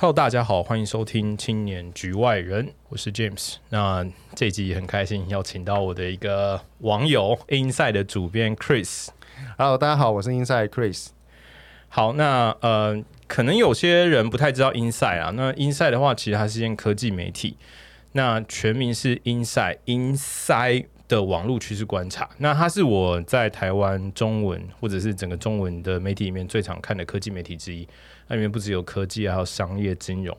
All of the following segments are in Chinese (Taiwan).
Hello，大家好，歡迎收聽《青年局外人》，我是 James。那這一集也很開心邀請到我的一個網友 Inside 的主編 Chris。Hello，大家好，我是 Inside Chris。好，那呃，可能有些人不太知道 Inside 啊。那 Inside 的話，其實它是一間科技媒體。那全名是 Inside Inside 的網絡趨勢觀察。那它是我在台灣中文或者是整個中文的媒體裡面最常看的科技媒體之一。那裡面不只有科技，還有商業、金融，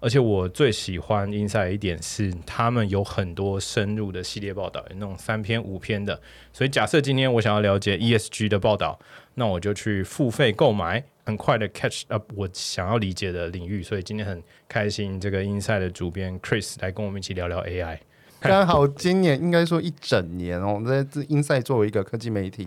而且我最喜歡 INSIDE 的一點是，他們有很多深入的系列報道，有那種三篇、五篇的。所以假設今天我想要了解 ESG 的報道，那我就去付費購買，很快的 catch up 我想要理解的領域。所以今天很開心，這個 INSIDE 的主編 Chris 來跟我們一起聊聊 AI。剛好今年應該說一整年哦、喔，在 INSIDE 作為一個科技媒體。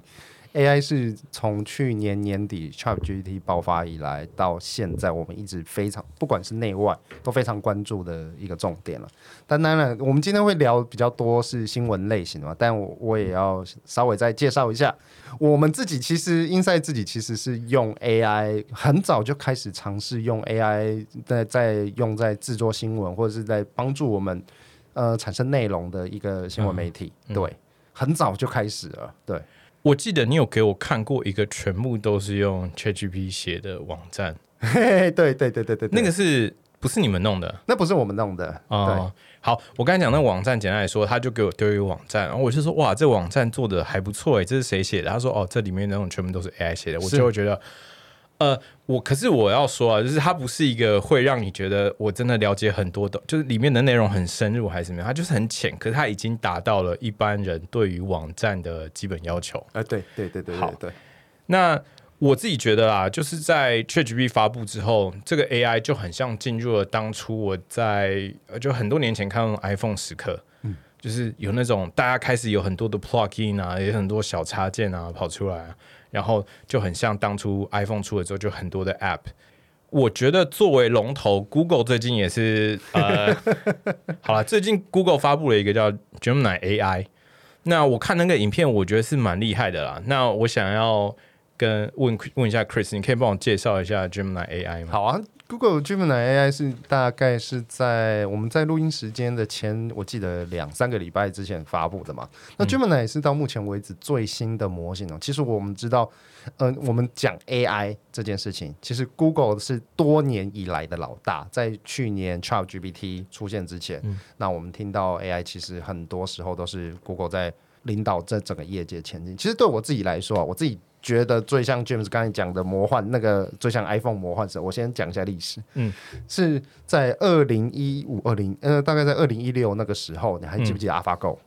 AI 是從去年年底 ChatGPT 爆發以來到現在，我們一直非常，不管是內外都非常關注的一個重點了。但當然，我們今天會聊比較多是新聞類型的嘛，但我我也要稍微再介紹一下，我們自己其實 INSIDE 自己其實是用 AI 很早就開始嘗試用 AI 在在用在制作新聞或者是在幫助我們呃產生內容的一個新聞媒體，嗯、對，嗯、很早就開始了，對。我記得你有給我看過一個全部都是用 ChatGPT 寫的網站，對對對對對，那個是不是你們弄的？嗯？那不是我們弄的啊。好，我剛才講那個網站，簡單來說，他就給我丟一個網站，然後我就說哇，這網站做的還不錯哎，這是誰寫的？他說哦，這裡面內容全部都是 AI 寫的，我就會覺得。呃，我可是我要說啊，就是它不是一個會讓你覺得我真的了解很多的，就是裡面的內容很深入還是怎麼樣？它就是很淺，可是它已經達到了一般人對於網站的基本要求。啊、呃，對對對對，對對好。嗯、那我自己覺得啊，就是在 ChatGPT 發布之後，這個 AI 就很像進入了當初我在就很多年前看 iPhone 時刻，嗯，就是有那種大家開始有很多的 plugin 啊，也有很多小插件啊跑出來、啊。然後就很像當初 iPhone 出了之後就很多的 App，我覺得作為龍頭，Google 最近也是呃， 好了，最近 Google 發布了一個叫 Gemini AI，那我看那個影片，我覺得是蠻厲害的啦。那我想要跟問問一下 Chris，你可以幫我介紹一下 Gemini AI 嗎？好啊。Google Gemini AI 是，大概是在我們在錄音時間的前，我記得兩三個禮拜之前發布的嘛。那 Gemini 是到目前為止最新的模型哦。其實我們知道，嗯，我們講 AI 這件事情，其實 Google 是多年以來的老大。在去年 ChatGPT 出現之前，那我們聽到 AI 其實很多時候都是 Google 在領導這整個業界前進。其實對我自己來說，啊，我自己。覺得最像 James 剛才講的魔幻那個最像 iPhone 魔幻式，我先講一下歷史。嗯，是在二零一五、二零呃，大概在二零一六那個時候，你還記不記得 AlphaGo？、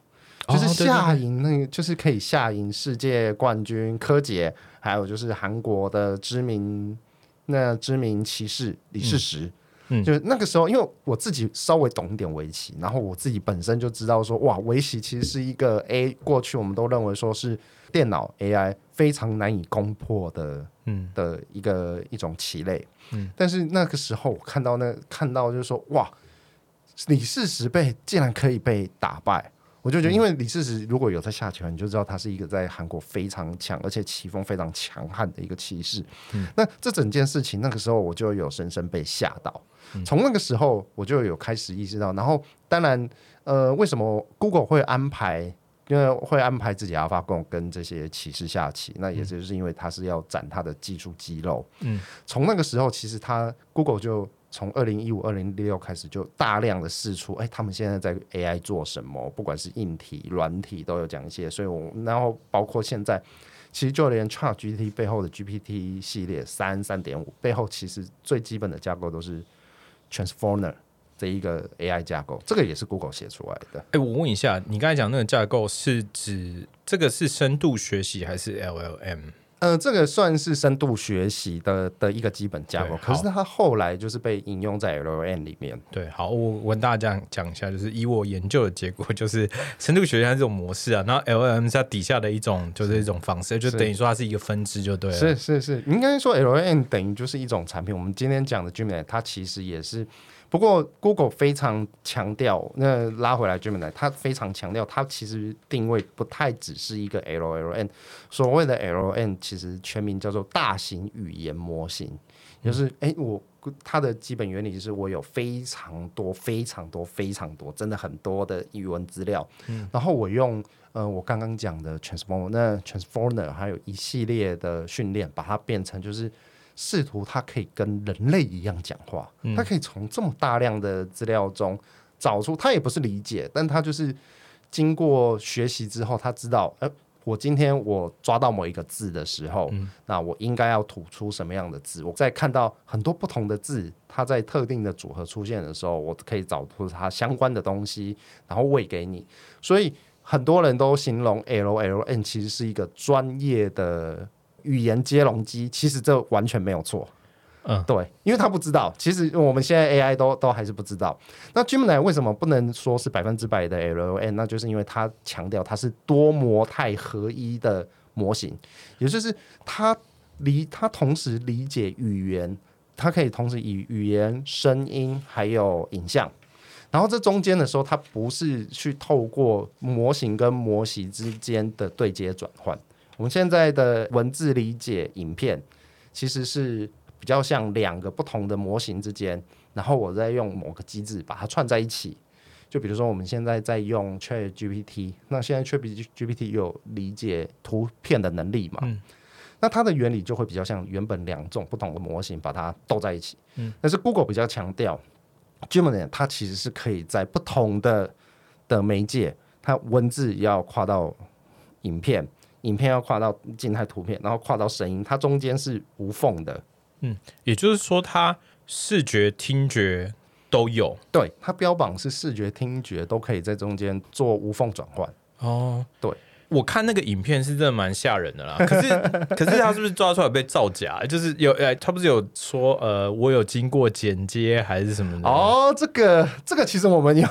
嗯、就是下贏那,那個，就是可以下贏世界冠軍柯潔，還有就是韓國的知名那知名棋士李世石。嗯，就是那個時候，因為我自己稍微懂一點圍棋，然後我自己本身就知道說，哇，圍棋其實是一個 A，過去我們都認為說是。電腦 AI 非常難以攻破的，嗯，的一個一種棋類，嗯，但是那個時候我看到那看到就是說，哇，李世石被竟然可以被打敗，我就覺得，因為李世石如果有在下棋，嗯、你就知道他是一個在韓國非常強，而且棋風非常強悍的一個棋士。嗯、那這整件事情，那個時候我就有深深被嚇到。從、嗯、那個時候我就有開始意識到，然後當然，呃，為什麼 Google 會安排？因為會安排自己 AlphaGo 跟這些棋士下棋，嗯、那也就是因為他是要展他的技術肌肉。嗯，從那個時候，其實他 Google 就從二零一五、二零一六開始就大量的釋出，哎、欸，他們現在在 AI 做什麼？不管是硬體、軟體，都有講一些。所以我，然後包括現在，其實就連 ChatGPT 背後的 GPT 系列三、三點五背後，其實最基本的架構都是 Transformer。這一個 AI 架構，這個也是 Google 寫出來的。哎，我問一下，你剛才講的那個架構是指這個是深度學習還是 LLM？呃，這個算是深度學習的的一個基本架構，可是它後來就是被引用在 LLM 裡面。對，好，我，我跟大家講，講一下，就是以我研究的結果，就是深度學習的這種模式啊，然後 LLM 在底下的一種是就是一種方式，就等於說它是一個分支，就對了是。是是是，是應該說 LLM 等於就是一種產品。我們今天講的 Gemini 它其實也是。不過，Google 非常強調，那拉回來 Gemini，它非常強調，它其實定位不太只是一個 LLM。所謂的 LLM 其實全名叫做大型語言模型，就是哎、嗯，我它的基本原理就是我有非常多、非常多、非常多，真的很多的語文資料，嗯、然後我用呃，我剛剛講的 Transformer，那 Transformer 還有一系列的訓練，把它變成就是。試圖，它可以跟人類一樣講話，它、嗯、可以從這麼大量的資料中找出。它也不是理解，但它就是經過學習之後，它知道，誒、呃，我今天我抓到某一個字的時候，嗯、那我應該要吐出什麼樣的字？我在看到很多不同的字，它在特定的組合出現的時候，我可以找出它相關的東西，然後餵給你。所以很多人都形容 L L M 其實是一個專業的。語言接龍機，其實這完全沒有錯，嗯，對，因為他不知道，其實我們現在 AI 都都還是不知道。那 Gemini 為什麼不能說是百分之百的 LLM？那就是因為它強調它是多模態合一的模型，也就是它理它同時理解語言，它可以同時以語言、聲音還有影像，然後這中間的時候，它不是去透過模型跟模型之間的對接轉換。我們現在的文字理解影片，其實是比較像兩個不同的模型之間，然後我再用某個機制，把它串在一起。就比如說，我們現在在用 ChatGPT，那現在 ChatGPT 有理解圖片的能力嘛？嗯。那它的原理就會比較像原本兩種不同的模型把它兜在一起。嗯。但是 Google 比較強調 Gemini，它其實是可以在不同的的媒介，它文字要跨到影片。影片要跨到靜態圖片，然後跨到聲音，它中間是無縫的。嗯，也就是說，它視覺、聽覺都有。對，它標榜是視覺、聽覺都可以在中間做無縫轉換。哦，對。我看那個影片，是真的蠻嚇人的啦，可是可是他是不是抓出來被造假？ 就是有誒，他不是有說呃，我有經過剪接還是什麼的？哦，這個這個其實我們有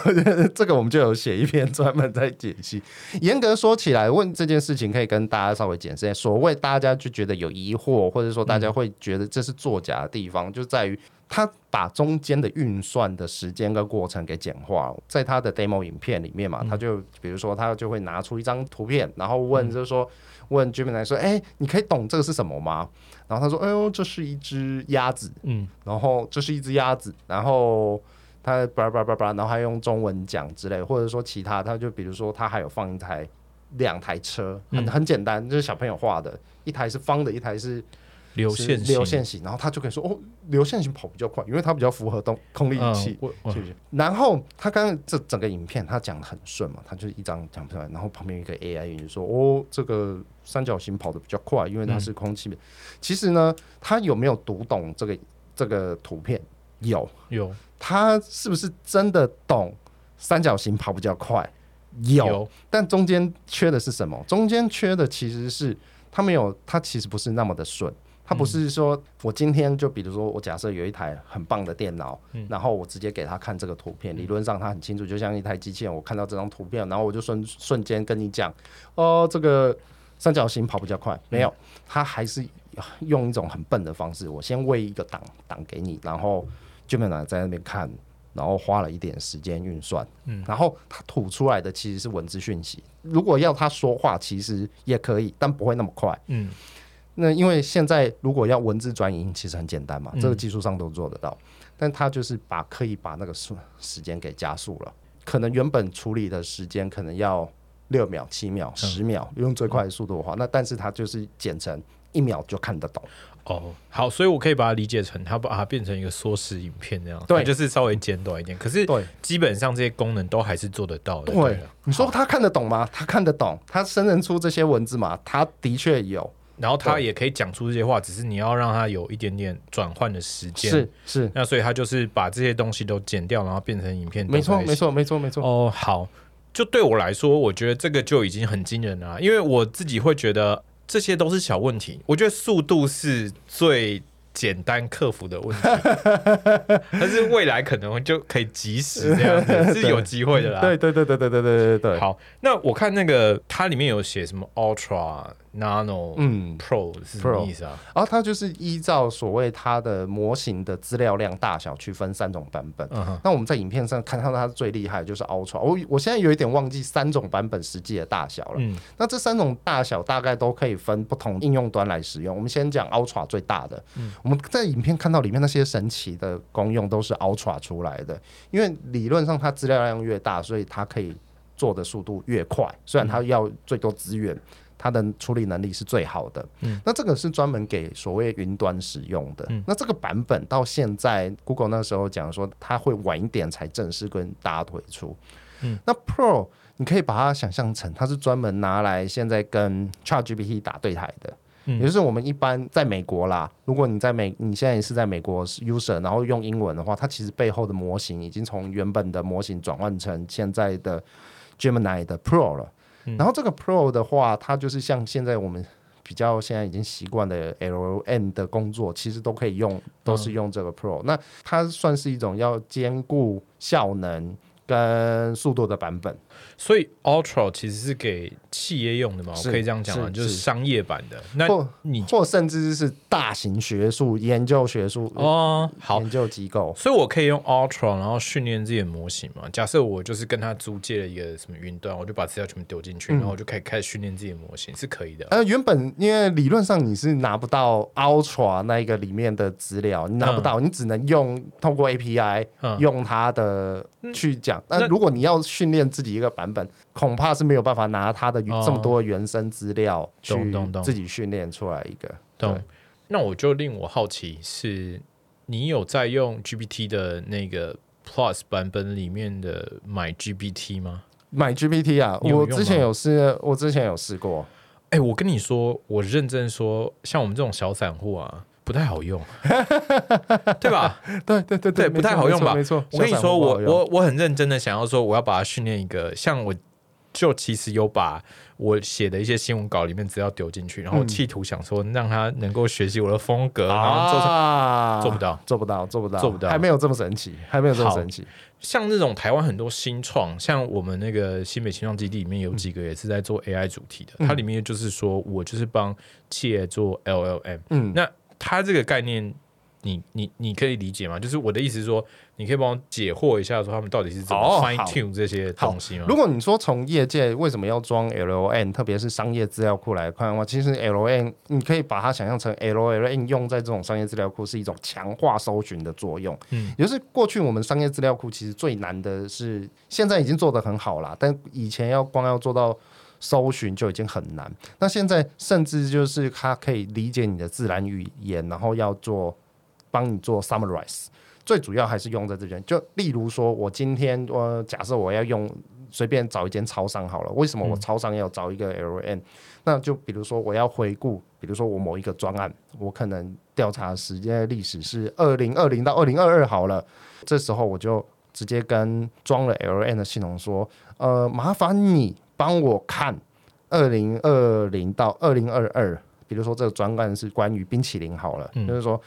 這個我們就有寫一篇專門在解析。嚴 格說起來，問這件事情可以跟大家稍微解釋一下。所謂大家就覺得有疑惑，或者說大家會覺得這是作假的地方，嗯、就在於他。把中間的運算的時間跟過程給簡化了，在他的 demo 影片裡面嘛，嗯、他就比如說他就會拿出一張圖片，然後問就是說、嗯、問 Gemini 來說，哎、欸，你可以懂這個是什麼嗎？然後他說，哎呦，這是一隻鴨子，嗯，然後這是一隻鴨子，然後他叭叭叭叭，然後還用中文講之類，或者說其他，他就比如說他還有放一台兩台車，很很簡單，就是小朋友畫的，一台是方的，一台是。流線型，流線型，然後他就可以說哦，流線型跑比較快，因為它比較符合空氣動力學，嗯、是不是，然後他剛剛這整個影片，他講得很順嘛，他就是一張講出來，然後旁邊一個 AI 就說哦，這個三角形跑得比較快，因為它是空氣、嗯、其實呢，他有沒有讀懂這個這個圖片？有有，他是不是真的懂三角形跑比較快？有，有，但中間缺的是什麼？中間缺的其實是他沒有，他其實不是那麼的順。嗯、他不是說我今天就比如說我假設有一台很棒的電腦，嗯、然後我直接給他看這個圖片，嗯、理論上他很清楚，就像一台機器人，我看到這張圖片，然後我就瞬瞬間跟你講，哦、呃，這個三角形跑比較快。沒有，他還是用一種很笨的方式，我先餵一個檔檔給你，然後、嗯、就沒來在那邊看，然後花了一點時間運算，嗯，然後他吐出來的其實是文字訊息。如果要他說話，其實也可以，但不會那麼快，嗯。那因為現在如果要文字轉移，其實很簡單嘛，這個技術上都做得到。嗯、但他就是把可以把那個時時間給加速了，可能原本處理的時間可能要六秒、七秒、十秒，嗯、用最快的速度的話，嗯、那但是它就是剪成一秒就看得懂。哦，好，所以我可以把它理解成，它把它變成一個縮時影片這樣，對，就是稍微剪短一點。可是對，基本上這些功能都還是做得到的。對，對了你說好他看得懂嗎？他看得懂，他生成出這些文字嘛？他的確有。然後他也可以講出這些話，對只是你要讓他有一點點轉換的時間。是是是，那所以他就是把這些東西都剪掉，然後變成影片沒？沒錯沒錯沒錯沒錯。哦，oh, 好，就對我來說，我覺得這個就已經很驚人了，啊，因為我自己會覺得這些都是小問題。我覺得速度是最簡單克服的問題的， 但是未來可能就可以即時這樣子， 是有機會的啦。 對對對對對對對對對對。好，那我看那個它裡面有寫什麼 Ultra。Nano，嗯，Pro 啊 Pro，啊？然後它就是依照所謂它的模型的資料量大小去分三種版本。嗯、uh-huh. 那我們在影片上看到它最厲害的就是 Ultra。我我現在有一點忘記三種版本實際的大小了。嗯，那這三種大小大概都可以分不同應用端來使用。我們先講 Ultra 最大的。嗯，我們在影片看到裡面那些神奇的功用都是 Ultra 出來的，因為理論上它資料量越大，所以它可以做的速度越快。雖然它要最多資源。嗯它的處理能力是最好的，嗯，那這個是專門給所謂雲端使用的，嗯，那這個版本到現在，Google 那時候講說它會晚一點才正式跟大家推出，嗯，那 Pro 你可以把它想象成它是專門拿來現在跟 ChatGPT 打對台的，嗯，也就是我們一般在美國啦，如果你在美，你現在也是在美國是 user，然後用英文的話，它其實背後的模型已經從原本的模型轉換成現在的 Gemini 的 Pro 了。然後這個 Pro 的話，它就是像現在我們比較現在已經習慣的 LLM 的工作，其實都可以用，都是用這個 Pro，嗯。那它算是一種要兼顧效能。跟速度的版本，所以 Ultra 其實是給企業用的嘛，是，我可以這樣講嘛，是是就是商業版的。那你或，或甚至是大型學術研究學、學術、哦、好。研究機構，所以我可以用 Ultra 然後訓練自己的模型嘛。假設我就是跟他租借了一個什麼雲端，我就把資料全部丟進去，然後我就可以開始訓練自己的模型，嗯、是可以的、呃。原本因為理論上你是拿不到 Ultra 那一個裡面的資料，你拿不到，嗯、你只能用通過 API 用它的去講。但如果你要訓練自己一個版本，那恐怕是沒有辦法拿他的這麼多的原生資料去自己訓練出來一個。對。那我就令我好奇，是你有在用 GPT 的那個 Plus 版本裡面的 MyGPT 嗎？MyGPT 啊，有有我，我之前有試，我之前有試過。哎、欸，我跟你說，我認真說，像我們這種小散戶啊。不太好用，對吧？對對對對，不太好用吧？沒錯。我跟你說，我我我很認真的想要說，我要把它訓練一個像我，就其實有把我寫的一些新聞稿裡面資料丟進去，然後企圖想說讓它能夠學習我的風格，然後做做不到，做不到，做不到，做不到，還沒有這麼神奇，還沒有這麼神奇。像那種台灣很多新創，像我們那個新北新創基地裡面有幾個也是在做 AI 主題的，它裡面就是說我就是幫企業做 LLM，嗯，那。它這個概念，你你你可以理解嗎？就是我的意思是說，你可以幫我解惑一下，說他們到底是怎麼 fine tune 這些東西嗎？Oh, 如果你說從業界為什麼要裝 L O N，特別是商業資料庫來看的話，其實 L O N 你可以把它想象成 L O N，用在這種商業資料庫是一種強化搜尋的作用。嗯，也就是過去我們商業資料庫其實最難的是，現在已經做得很好了，但以前要光要做到。搜尋就已經很難，那現在甚至就是它可以理解你的自然語言，然後要做幫你做 summarize，最主要還是用在這邊。就例如說，我今天我、呃、假設我要用隨便找一間超商好了，為什麼我超商要找一個 LLM？、嗯、那就比如說我要回顧，比如說我某一個專案，我可能調查的時間歷史是二零二零到二零二二好了，這時候我就直接跟裝了 LLM 的系統說，呃，麻煩你。幫我看二零二零到二零二二，比如說這個專案是關於冰淇淋好了，嗯、就是說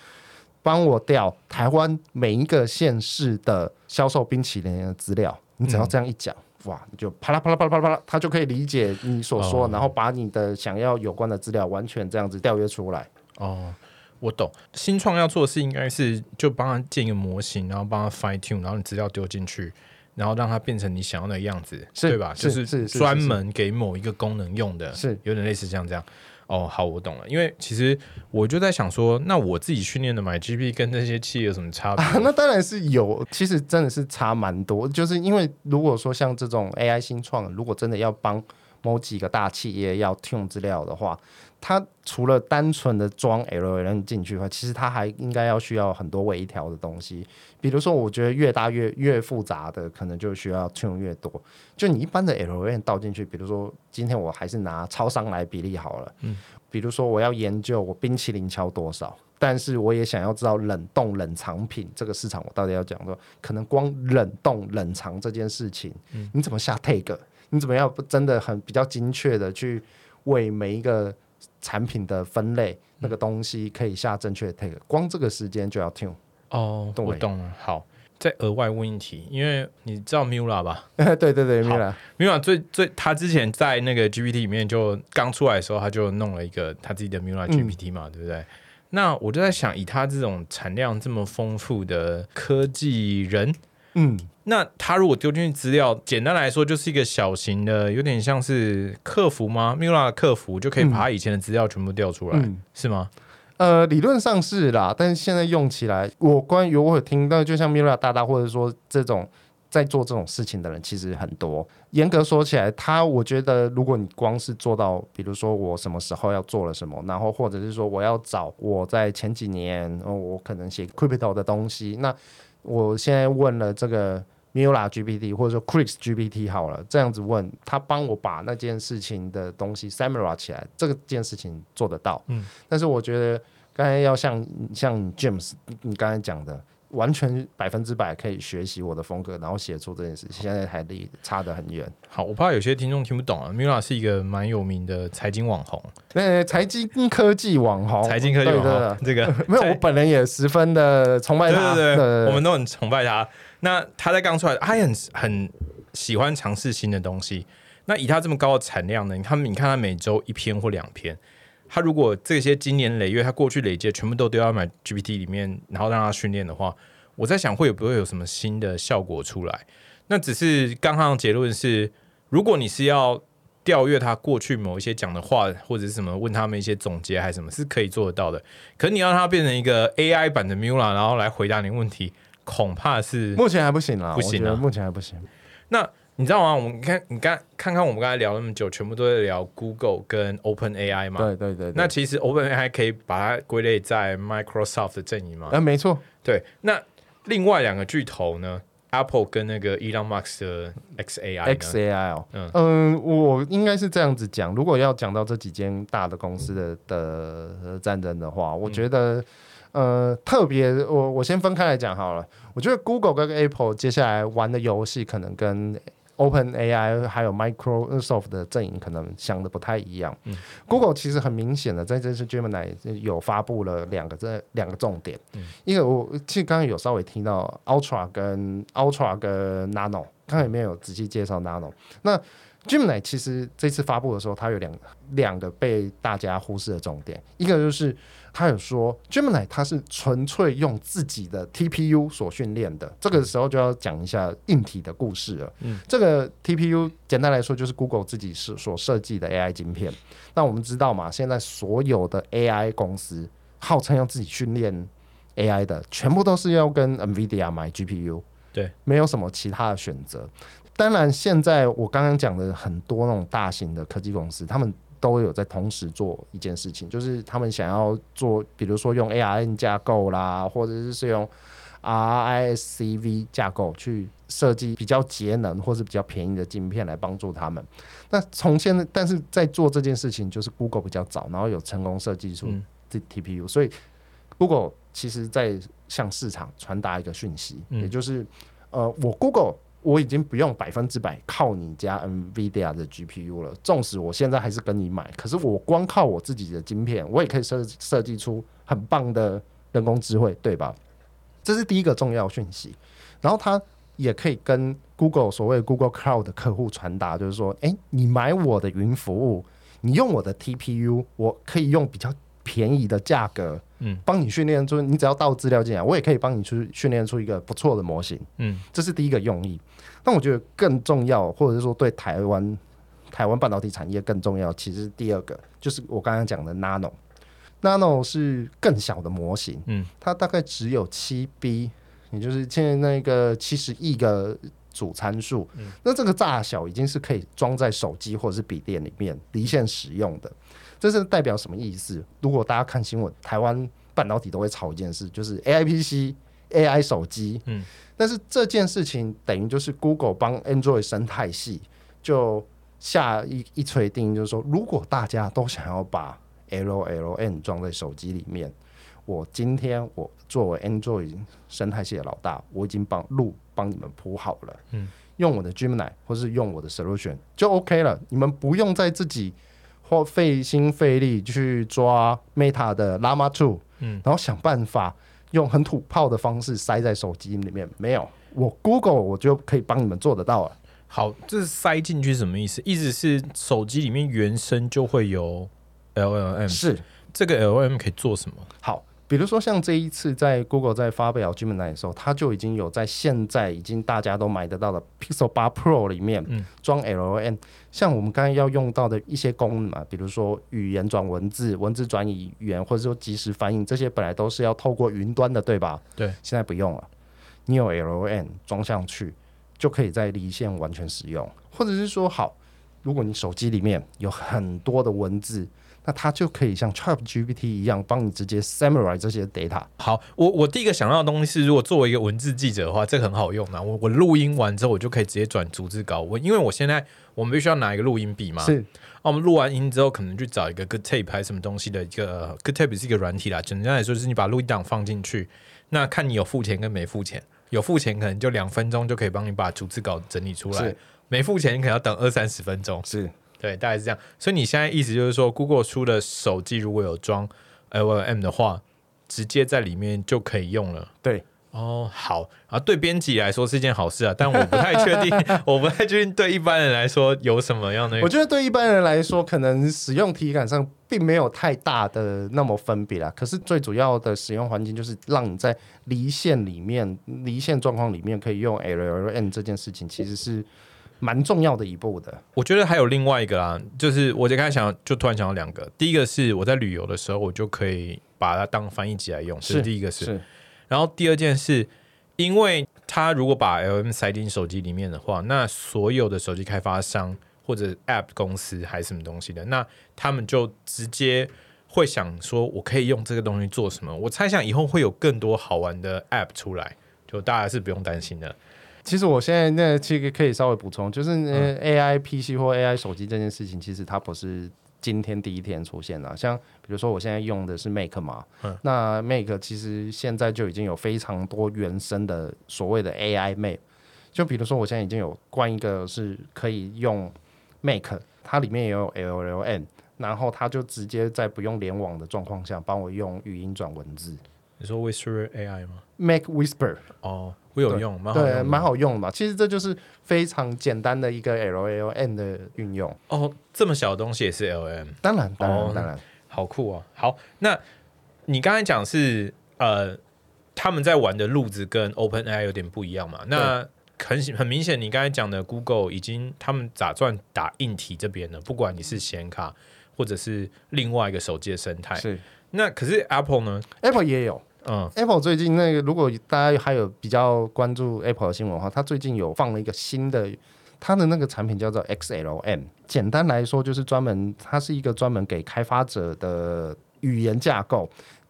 幫我調台灣每一個縣市的銷售冰淇淋的資料。你只要這樣一講，嗯、哇，你就啪啦啪啦啪啦啪啦，他就可以理解你所說，嗯、然後把你的想要有關的資料完全這樣子調閱出來。哦、嗯，我懂。新創要做的事應該是就幫他建一個模型，然後幫他 fine tune，然後你資料丟進去。然後讓它變成你想要的樣子，是對吧？是就是專門給某一個功能用的，是有點類似像這樣。是哦，好，我懂了。因為其實我就在想說，那我自己訓練的 MyGPT 跟這些器有什麼差別啊？那當然是有，其實真的是差蠻多。就是因為如果說像這種 AI 新創，如果真的要幫。某幾個大企業要 tune 資料的話，它除了單純的裝 LLM 進去的話，其實它還應該要需要很多微調的東西。比如說，我覺得越大越越複雜的，可能就需要 tune 越多。就你一般的 LLM 倒進去，比如說今天我還是拿超商來比例好了。嗯。比如說我要研究我冰淇淋敲多少，但是我也想要知道冷凍冷藏品這個市場，我到底要講說，可能光冷凍冷藏這件事情，嗯、你怎麼下 tag？你怎麼樣？不真的很比較精確的去為每一個產品的分類，那個東西可以下正確的 tag？光這個時間就要聽哦，對我懂了。好，再額外問一題，因為你知道 Mira 吧？ 對對對，Mira，Mira 最最，好 ura 他之前在那個 GPT 裡面就剛出來的時候，他就弄了一個他自己的 Mira GPT 嘛，嗯、對不對？那我就在想，以他這種產量這麼豐富的科技人，嗯。那他如果丟進去資料，簡單來說就是一個小型的，有點像是客服嗎？Mira 的客服就可以把他以前的資料全部調出來，嗯嗯、是嗎？呃，理論上是啦，但是現在用起來，我關於我有聽到，就像 Mira 大大或者說這種在做這種事情的人其實很多。嚴格說起來，他我覺得，如果你光是做到，比如說我什麼時候要做了什麼，然後或者是說我要找我在前幾年、哦、我可能寫 Crypto 的東西，那我現在問了這個。Mira GPT 或者說 Chris GPT 好了，這樣子問他幫我把那件事情的東西 similar 起來，嗯、這個件事情做得到。嗯，但是我覺得剛才要像像 James 你剛才講的，完全百分之百可以學習我的風格，然後寫出這件事情，現在還離差得很遠。好，我怕有些聽眾聽不懂啊。Mira 是一個蠻有名的財經網紅，對、欸，財經科技網紅，財經科技網紅這個 沒有，我本人也十分的崇拜他。對，對，對，我們都很崇拜他。那他在剛出來，他也很很喜歡嘗試新的東西。那以他這麼高的產量呢？你看，你看他每周一篇或兩篇。他如果這些經年累月，他過去累積的全部都丟到 MyGPT 裡面，然後讓他訓練的話，我在想會有不會有什麼新的效果出來？那只是剛剛的結論是，如果你是要調閱他過去某一些講的話，或者是什麼問他們一些總結還是什麼，是可以做得到的。可是你要讓它變成一個 AI 版的 Mirror，然後來回答你問題。恐怕是、啊、目前還不行了、啊，不行、啊。目前還不行。那你知道嗎？我們看，你剛看看我們剛才聊那麼久，全部都在聊 Google 跟 Open AI 嘛。對，對對對。那其實 Open AI 可以把它歸類在 Microsoft 的陣營嗎？啊、呃，沒錯。對。那另外兩個巨頭呢？Apple 跟那個 Elon Musk 的 XAI XAI 哦。嗯，嗯，我應該是這樣子講。如果要講到這幾間大的公司的的戰爭的話，我覺得、嗯。呃，特別我我先分開來講好了。我覺得 Google 跟 Apple 接下來玩的遊戲，可能跟 OpenAI 還有 Microsoft 的陣營可能想的不太一樣。嗯、Google 其實很明顯的在這次 Gemini 有發布了兩個這兩個重點。一個、嗯、因為我其實剛剛有稍微聽到跟 Ultra 跟 Ultra 跟 Nano，剛才也沒有仔細介紹 Nano。那 Gemini 其實這次發布的時候，它有兩兩個被大家忽視的重點，一個就是。他有說，Gemini 它是純粹用自己的 TPU 所訓練的。這個時候就要講一下硬體的故事了。嗯，這個 TPU 簡單來說就是 Google 自己是所設計的 AI 晶片。那我們知道嘛，現在所有的 AI 公司號稱要自己訓練 AI 的，全部都是要跟 NVIDIA 買 GPU。對，沒有什麼其他的選擇。當然，現在我剛剛講的很多那種大型的科技公司，他們都有在同時做一件事情，就是他們想要做，比如說用 ARM 架構啦，或者是用 RISC-V 架構去設計比較節能或者比較便宜的晶片來幫助他們。那從現在，但是在做這件事情，就是 Google 比較早，然後有成功設計出 TPU，所以 Google 其實在向市場傳達一個訊息，嗯、也就是呃，我 Google。我已經不用百分之百靠你家 Nvidia 的 GPU 了，縱使我現在還是跟你買，可是我光靠我自己的晶片，我也可以設設計出很棒的人工智慧，對吧？這是第一個重要訊息。然後他也可以跟 Google 所謂 Google Cloud 的客戶傳達，就是說，誒、欸，你買我的雲服務，你用我的 TPU，我可以用比較便宜的價格。嗯，幫你訓練出，你只要倒資料進來，我也可以幫你去訓練出一個不錯的模型。嗯，這是第一個用意。但我覺得更重要，或者是說，對台灣台灣半導體產業更重要，其實第二個就是我剛剛講的 nano，嗯，nano 是更小的模型，嗯，它大概只有七 b，也就是現在那個七十億個主參數。嗯，那這個大小已經是可以裝在手機或者是筆電裡面離線使用的。這是代表什麼意思？如果大家看新聞，台灣半導體都會炒一件事，就是 AIPC AI 手機。嗯，但是這件事情等於就是 Google 幫 Android 生態系就下一一錘定音，就是說，如果大家都想要把 LLM 裝在手機裡面，我今天我作為 Android 生態系的老大，我已經幫路幫你們鋪好了。嗯，用我的 Gemini 或者是用我的 Solution 就 OK 了，你們不用再自己。或費心費力去抓 Meta 的 Llama 2，嗯，2 然後想辦法用很土炮的方式塞在手機裡面，沒有，我 Google 我就可以幫你們做得到了。好，這塞進去是什麼意思？意思是手機裡面原生就會有 LLM，是這個 LLM 可以做什麼？好。比如說，像這一次在 Google 在發表 Gemini 的時候，它就已經有在現在已經大家都買得到的 Pixel 八 Pro 裡面裝 L O N、嗯。像我們剛才要用到的一些功能嘛，比如說語言轉文字、文字轉語言，或者說即時翻譯，這些本來都是要透過雲端的，對吧？對，現在不用了，你有 L O N 裝上去就可以在離線完全使用，或者是說，好，如果你手機裡面有很多的文字。那它就可以像 ChatGPT 一樣幫你直接 summarize 這些 data。好，我我第一個想到的東西是，如果作為一個文字記者的話，這個很好用的，啊。我我錄音完之後，我就可以直接轉逐字稿。我因為我現在我們必須要拿一個錄音筆嘛，是。那、啊、我們錄完音之後，可能去找一個 Good Tape 還是什麼東西的一個、呃、Good Tape 是一個軟體啦。簡單來說，就是你把錄音檔放進去，那看你有付錢跟沒付錢。有付錢可能就兩分鐘就可以幫你把逐字稿整理出來。是。沒付錢，你可能要等二三十分鐘。是。對，大概是這樣。所以你現在意思就是說，Google 出的手機如果有裝 LLM 的話，直接在裡面就可以用了。對，哦，好啊，對編輯來說是件好事啊，但我不太確定， 我不太確定對一般人來說有什麼樣的。我覺得對一般人來說，可能使用體感上並沒有太大的那麼分別啦。可是最主要的使用環境就是讓你在離線裡面、離線狀況裡面可以用 LLM 這件事情，其實是，蠻重要的一步的，我覺得還有另外一個啊。就是我就開始想，就突然想到兩個，第一個是我在旅遊的時候，我就可以把它當翻譯機來用，是，是第一個是。是然後第二件事，因為他如果把 L M 塞進手機裡面的話，那所有的手機開發商或者 App 公司還是什麼東西的，那他們就直接會想說，我可以用這個東西做什麼？我猜想以後會有更多好玩的 App 出來，就大家是不用擔心的。嗯其實我現在那這個可以稍微補充，就是 AI PC 或 AI 手機這件事情，其實它不是今天第一天出現的。像比如說我現在用的是 Mac 嘛，那 Mac 其實現在就已經有非常多原生的所謂的 AI Mac。就比如說我現在已經有關一個是可以用 Mac，它裡面也有 LLM，然後它就直接在不用聯網的狀況下幫我用語音轉文字。你說 Whisper AI 嗎？Make Whisper 哦，會 Whis、oh, 有用，對，用對，蠻好用的。其實這就是非常簡單的一個 LLM 的運用哦。Oh, 這麼小的東西也是 LM 當然，當然，oh, 當然好酷哦。好，那你剛才講是呃，他們在玩的路子跟 OpenAI 有點不一樣嘛？那很對很明顯，你剛才講的 Google 已經他們打算打硬體這邊了，不管你是顯卡或者是另外一個手機的生態，是那可是 Apple 呢？Apple 也有。嗯，Apple 最近那個，如果大家還有比較關注 Apple 的新聞的話，它最近有放了一個新的，它的那個產品叫做 XLM。簡單來說，就是專門，它是一個專門給開發者的語言架構。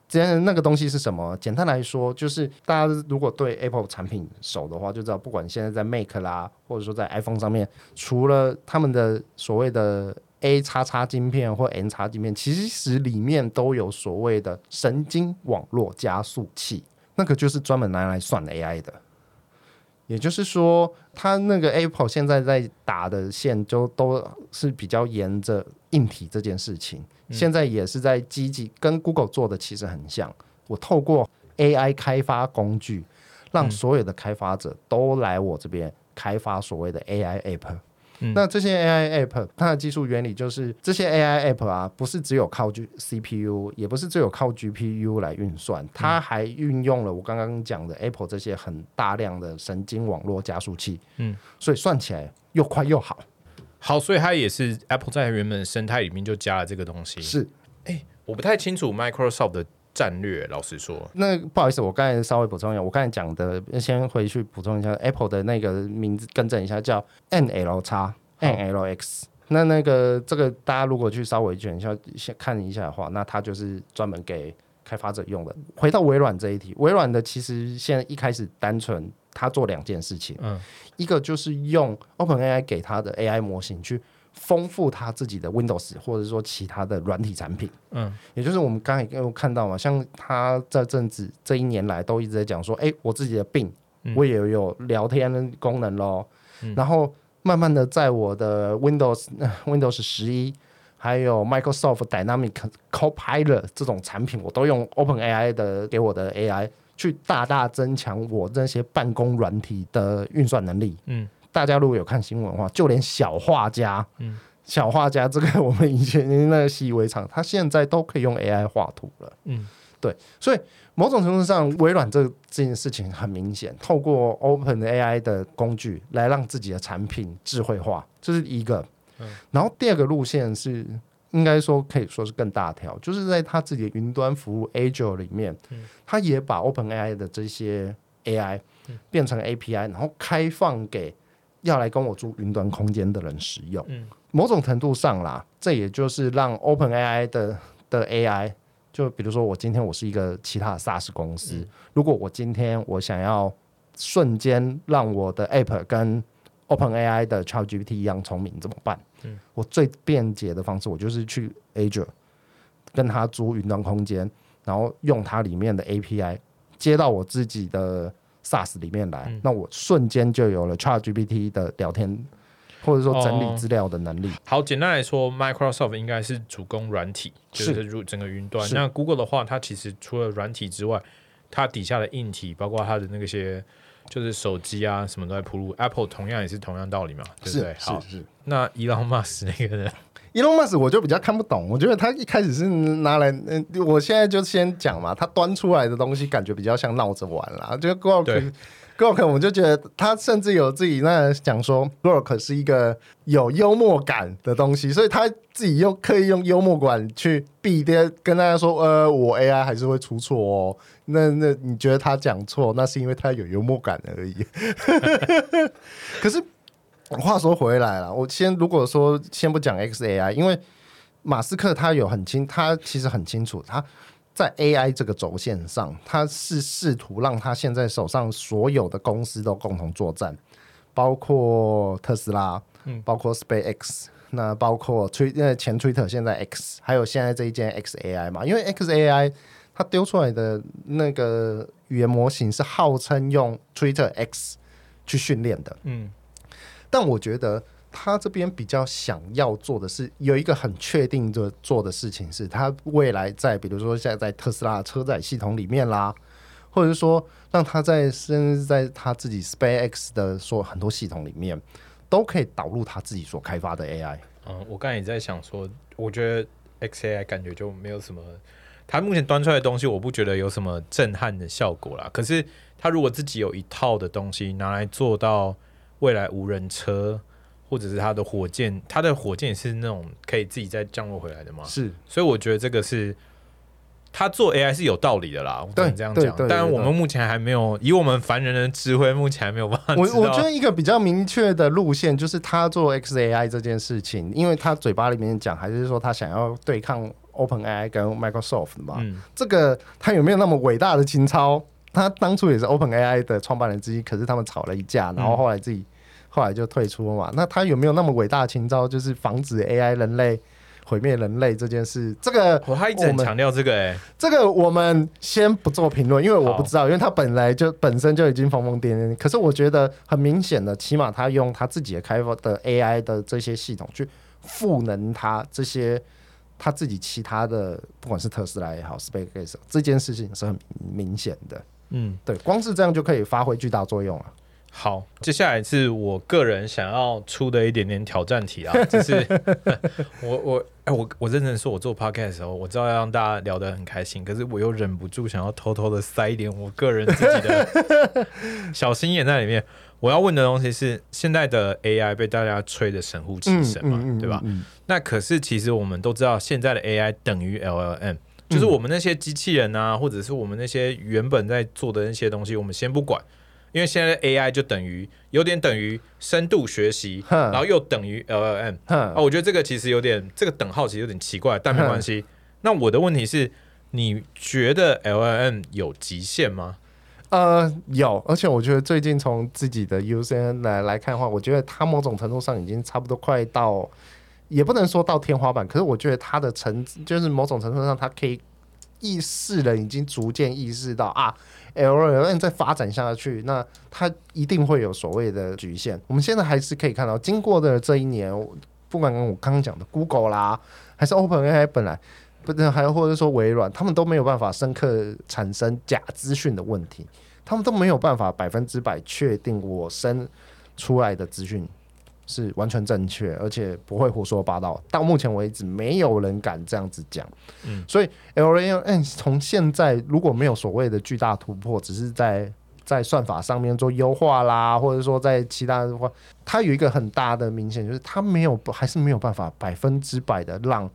其那，那個東西是什麼？簡單來說，就是大家如果對 Apple 產品熟的話，就知道，不管現在在 Mac 啦，或者說在 iPhone 上面，除了他們的所謂的。A 叉叉晶片或 N 叉晶片，其實裡面都有所謂的神經網絡加速器，那個就是專門拿來、來算 AI 的。也就是說，他那個 Apple 現在在打的線，就都是比較沿着硬體這件事情。嗯。現在也是在積極跟 Google 做的，其實很像。我透過 AI 開發工具，讓所有的開發者都來我這邊開發所謂的 AI App。嗯、那這些 AI app 它的技術原理，就是這些 AI app 啊，不是只有靠 G CPU，也不是只有靠 GPU 來運算，它還運用了我剛剛講的 Apple 這些很大量的神經網絡加速器。嗯，所以算起來又快又好。好，所以它也是 Apple 在原本生態裡面就加了這個東西。是，哎、欸，我不太清楚 Microsoft 的。戰略，老實說，那不好意思，我剛才稍微補充一下，我剛才講的先回去補充一下，Apple 的那個名字更正一下，叫 MLX，MLX。嗯、那那個這個大家如果去稍微捲一下先看一下的話，那它就是專門給開發者用的。回到微軟這一題，微軟的其實現在一開始單純它做兩件事情，嗯，一個就是用 Open A I 給它的 A I 模型去，豐富他自己的 Windows，或者說其他的軟體產品。嗯，也就是我們剛才有看到嘛，像他這陣子這一年來都一直在講說，誒、欸，我自己的病，我也有聊天的功能咯。嗯、然後慢慢的，在我的 Windows、呃、Windows 十一，還有 Microsoft Dynamic Copilot 這種產品，我都用 Open AI 的給我的 AI 去大大增強我這些辦公軟體的運算能力。嗯。大家如果有看新聞的話，就連小畫家，嗯，小畫家這個我們以前，以前那個習以為常，他現在都可以用 AI 畫圖了，嗯，對，所以某種程度上微，微軟這這件事情很明顯，透過 OpenAI 的工具來讓自己的產品智慧化，這、就是一個。嗯，然後第二個路線是，應該說可以說是更大條，就是在他自己的雲端服務 Azure 裡面，嗯，他也把 OpenAI 的這些 AI、嗯、變成 API，然後開放給。要來跟我租雲端空間的人使用，嗯，某種程度上啦，這也就是讓 Open AI 的的 AI，就比如說我今天我是一個其他 SaaS 公司，嗯、如果我今天我想要瞬間讓我的 App 跟 Open AI 的 ChatGPT 一樣聰明怎麼辦？嗯，我最便捷的方式，我就是去 Azure 跟他租雲端空間，然後用它裡面的 API 接到我自己的。SaaS 裡面來，嗯、那我瞬間就有了 ChatGPT 的聊天，或者說整理資料的能力哦。好，簡單來說，Microsoft 應該是主攻軟體，就是入是整個雲端。是那 Google 的話，它其實除了軟體之外，它底下的硬體，包括它的那些就是手機啊什麼都在鋪路。Apple 同樣也是同樣道理嘛，對不對？是，好是是。那 Elon Musk 那個呢？伊隆馬斯我就比較看不懂，我覺得他一開始是拿來，嗯，我現在就先講嘛，他端出來的東西感覺比較像鬧着玩啦。就 Grok，Grok 對我就覺得他甚至有自己那講說，Grok 是一個有幽默感的東西，所以他自己又刻意用幽默感去避跌，跟大家說，呃，我 AI 還是會出錯哦。那那你覺得他講錯，那是因為他有幽默感而已。可是。話說回來了，我先如果說先不講 XAI，因為馬斯克他有很清，他其實很清楚，他在 AI 這個軸線上，他是試圖讓他現在手上所有的公司都共同作戰，包括特斯拉，嗯，包括 Space X，嗯、那包括推呃前 Twitter 現在 X，還有現在這一間 XAI 嘛，因為 XAI 它丟出來的那個語言模型是號稱用 Twitter X 去訓練的，嗯。但我覺得他這邊比較想要做的是，是有一個很確定的做的事情，是他未來在比如說現在在特斯拉車載系統裡面啦，或者是說讓他在甚至在他自己 SpaceX 的所有很多系統裡面，都可以導入他自己所開發的 AI。嗯，我剛才也在想說，我覺得 xAI 感覺就沒有什麼，他目前端出來的東西，我不覺得有什麼震撼的效果啦。可是他如果自己有一套的東西拿來做到。未來無人車，或者是他的火箭，他的火箭也是那種可以自己再降落回來的嗎？是，所以我覺得這個是他做 AI 是有道理的啦。對，我這樣講，但我們目前還沒有，以我們凡人的智慧，目前還沒有辦法。我我覺得一個比較明確的路線，就是他做 XAI 這件事情，因為他嘴巴裡面講還是說他想要對抗 OpenAI 跟 Microsoft 的嘛。嗯、這個他有沒有那麼偉大的情操？他當初也是 OpenAI 的創辦人之一，可是他們吵了一架，然後後來自己後來就退出了嘛。那他有沒有那麼偉大的情操，就是防止 AI 人類毀滅人類這件事？這個我還真強調這個哎，這個我們先不做評論，因為我不知道，因為他本來就本身就已經瘋瘋癲癲。可是我覺得很明顯的，起碼他用他自己的開發的 AI 的這些系統去賦能他這些他自己其他的，不管是特斯拉也好，SpaceX 這件事情是很明顯的。嗯，對，光是這樣就可以發揮巨大作用了。好，接下來是我個人想要出的一點點挑戰題啊，就是 我我哎我我認真說，我,、欸、我,我,的說我做 podcast 時候，我知道要讓大家聊得很開心，可是我又忍不住想要偷偷的塞一點我個人自己的 小心眼在裡面。我要問的東西是，現在的 AI 被大家吹的神乎其神嘛，嗯嗯嗯、對吧？嗯、那可是其實我們都知道，現在的 AI 等於 LLM。就是我們那些機器人啊，嗯，或者是我們那些原本在做的那些東西，我們先不管，因為現在 AI 就等於有點等於深度學習，哼然後又等於 L L M。哼啊，我覺得這個其實有點這個等號其實有點奇怪，但沒關係。哼那我的問題是，你覺得 L L M 有極限嗎？呃，有，而且我覺得最近從自己的 U C N 來來看的話，我覺得它某種程度上已經差不多快到。也不能說到天花板，可是我覺得它的層，就是某種程度上，它可以意識人已經逐漸意識到啊，LLM 再發展下去，那它一定會有所謂的局限。我們現在還是可以看到，經過的這一年，不管我剛剛講的 Google 啦，還是 OpenAI 本來，不，還或者說微軟，他們都沒有辦法深刻產生假資訊的問題，他們都沒有辦法百分之百確定我生出來的資訊，是完全正確，而且不會胡說八道。到目前為止，沒有人敢這樣子講。嗯，所以 LLM 從、欸、現在如果沒有所謂的巨大突破，只是在在算法上面做優化啦，或者說在其他的話，它有一個很大的明顯就是它沒有還是沒有辦法百分之百的讓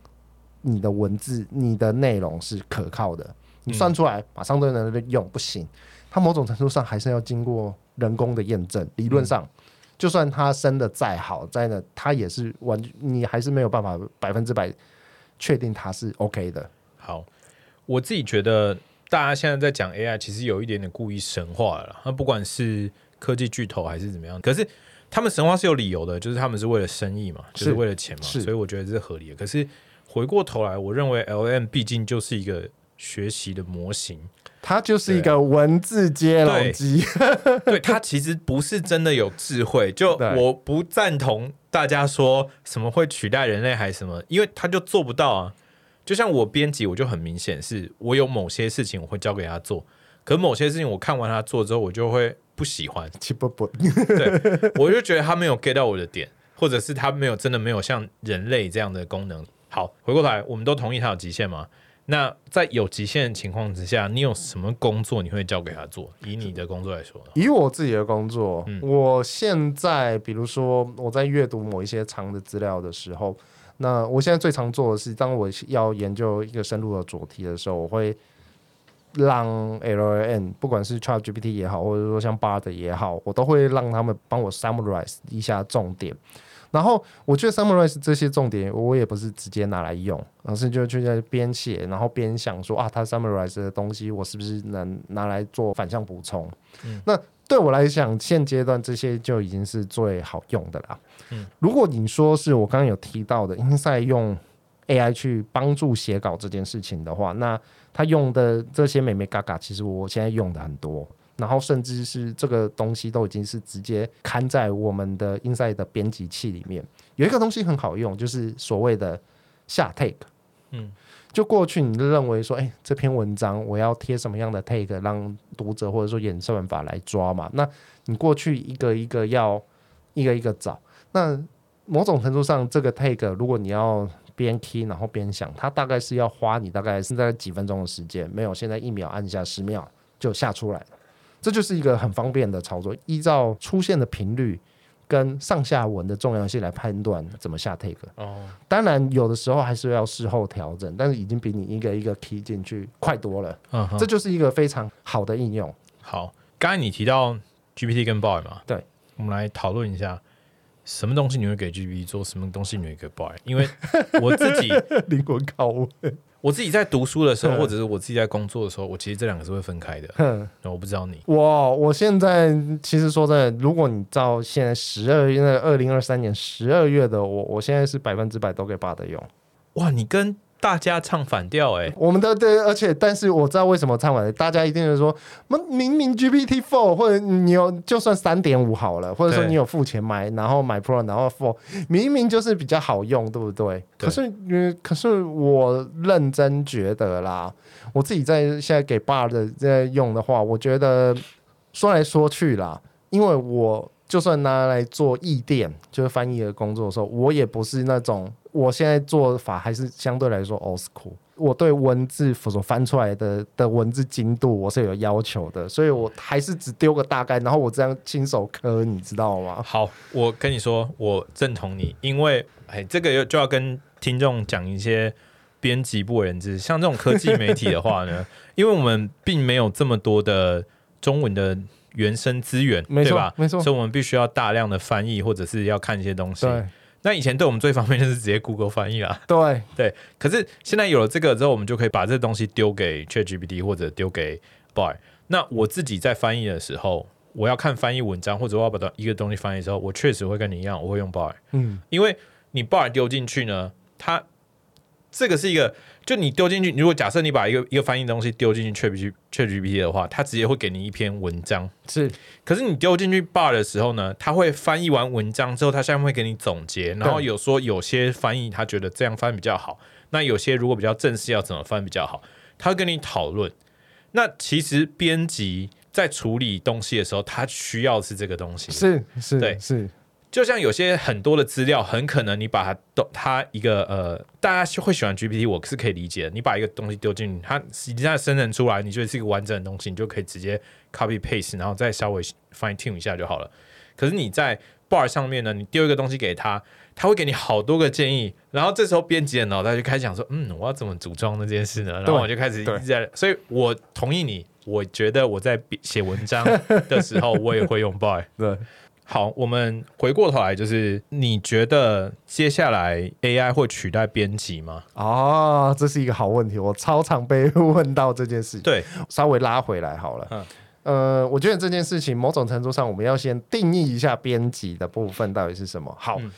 你的文字、你的內容是可靠的。你算出來、嗯、馬上都能用，不行。它某種程度上還是要經過人工的驗證，理論上。嗯就算它生的再好，在那它也是完，你還是沒有辦法百分之百確定它是 OK 的。好，我自己覺得大家現在在講 AI，其實有一點點故意神化了。那不管是科技巨頭還是怎麼樣，可是他們神化是有理由的，就是他們是為了生意嘛，是就是為了錢嘛，是所以我覺得這是合理的。可是回過頭來，我認為 LM 畢竟就是一個學習的模型。它就是一個文字接龍機，對它其實不是真的有智慧。 就我不贊同大家說什麼會取代人類還是什麼，因為他就做不到啊。就像我編輯，我就很明顯是我有某些事情我會交給他做，可某些事情我看完他做之後，我就會不喜歡，不不，對，我就覺得他沒有 get 到我的點，或者是他沒有真的沒有像人類這樣的功能。好，回過來，我們都同意他有極限嗎？那在有極限的情況之下，你有什麼工作你會交給他做？以你的工作來說，以我自己的工作，嗯，我現在比如說我在閱讀某一些長的資料的時候，那我現在最常做的是，當我要研究一個深入的主題的時候，我會讓 LLM 不管是 ChatGPT 也好，或者說像 Bard 也好，我都會讓他們幫我 summarize 一下重點。然後我覺得 summarize 這些重點，我也不是直接拿來用，而是就就在邊寫，然後邊想說啊，它 summarize 的東西，我是不是能拿來做反向補充？嗯，那對我來講，現階段這些就已經是最好用的了。嗯，如果你說是我剛剛有提到的，INSIDE 用 AI 去幫助寫稿這件事情的話，那他用的這些眉眉角角，其實我現在用的很多。然後甚至是這個東西都已經是直接刊在我們的 Inside 的編輯器裡面。有一個東西很好用，就是所謂的下 Take。嗯，就過去你認為說，哎、欸，這篇文章我要貼什麼樣的 Take 讓讀者或者說演算法來抓嘛？那你過去一個一個要一個一個找。那某種程度上，這個 Take 如果你要邊聽，然後邊想，它大概是要花你大概現在幾分鐘的時間，沒有，現在一秒按下十秒就下出來。這就是一個很方便的操作，依照出現的頻率跟上下文的重要性來判斷怎麼下 take。哦，oh. 當然有的時候還是要事後調整，但是已經比你一個一個 key 進去快多了。嗯、uh，huh. 這就是一個非常好的應用。好，剛才你提到 GPT 跟 BOY 嘛，對，我們來討論一下，什麼東西你會給 GPT 做，什麼東西你會給 BOY，因為我自己靈 魂拷問。我自己在讀書的時候，或者是我自己在工作的時候，哼 我其實這兩個是會分開的。那哼 我不知道你，我我現在其實說真的，如果你照現在十二月，現在二零二三年十二月的我，我現在是百分之百都給爸的用。哇，你跟。大家唱反調哎，我們的對，而且但是我知道為什麼唱反調，大家一定是說，明明 GPT Four 或者你有就算三點五好了，或者說你有付錢買，然後買 Pro，然後 Four，明明就是比較好用，對不對？對可是你，可是我認真覺得啦，我自己在現在給爸的在用的話，我覺得說來說去啦，因為我。就算拿來做譯電，就是翻譯的工作的時候，我也不是那種，我現在做法，還是相對來說 old school。我對文字所翻出來的的文字精度，我是有要求的，所以我還是只丟個大概，然後我這樣親手磕，你知道嗎？好，我跟你說，我認同你，因為哎，這個要就要跟聽眾講一些編輯不為人知，像這種科技媒體的話呢， 因為我們並沒有這麼多的中文的。原生資源，錯對吧？沒錯錯，所以我們必須要大量的翻譯，或者是要看一些東西。對，那以前對我們最方便就是直接 Google 翻譯啊。對，對。可是現在有了這個之後，我們就可以把這東西丟給 ChatGPT 或者丟給 Bard。那我自己在翻譯的時候，我要看翻譯文章，或者我要把一個東西翻譯的時候，我確實會跟你一樣，我會用 Bard。嗯，因為你 Bard 丟進去呢，它這個是一個。就你丟進去，如果假設你把一個一個翻譯東西丟進去 ChatGPT 的話，它直接會給你一篇文章。是，可是你丟進去 Bard 的時候呢，他會翻譯完文章之後，他下面會給你總結，然後有說有些翻譯他覺得這樣翻比較好，對那有些如果比較正式要怎麼翻比較好，他會跟你討論。那其實編輯在處理東西的時候，他需要是這個東西。是是，對是。對是。就像有些很多的資料，很可能你把它都它一個呃，大家會喜歡 GPT，我是可以理解的。你把一個東西丟進去，它實際上生成出來，你覺得是一個完整的東西，你就可以直接 copy paste，然後再稍微 fine tune 一下就好了。可是你在 Bar 上面呢，你丟一個東西給他，他會給你好多個建議，然後這時候編輯的腦袋就開始想說，嗯，我要怎麼組裝這件事呢？然後我就開始一直在，對所以我同意你，我覺得我在寫文章的時候，我也會用 Bar。 對。好，我們回過頭來，就是你覺得接下來 AI 會取代編輯嗎？啊、哦，這是一個好問題，我超常被問到這件事情。對，稍微拉回來好了。嗯，呃，我覺得這件事情某種程度上，我們要先定義一下編輯的部分到底是什麼。好，嗯、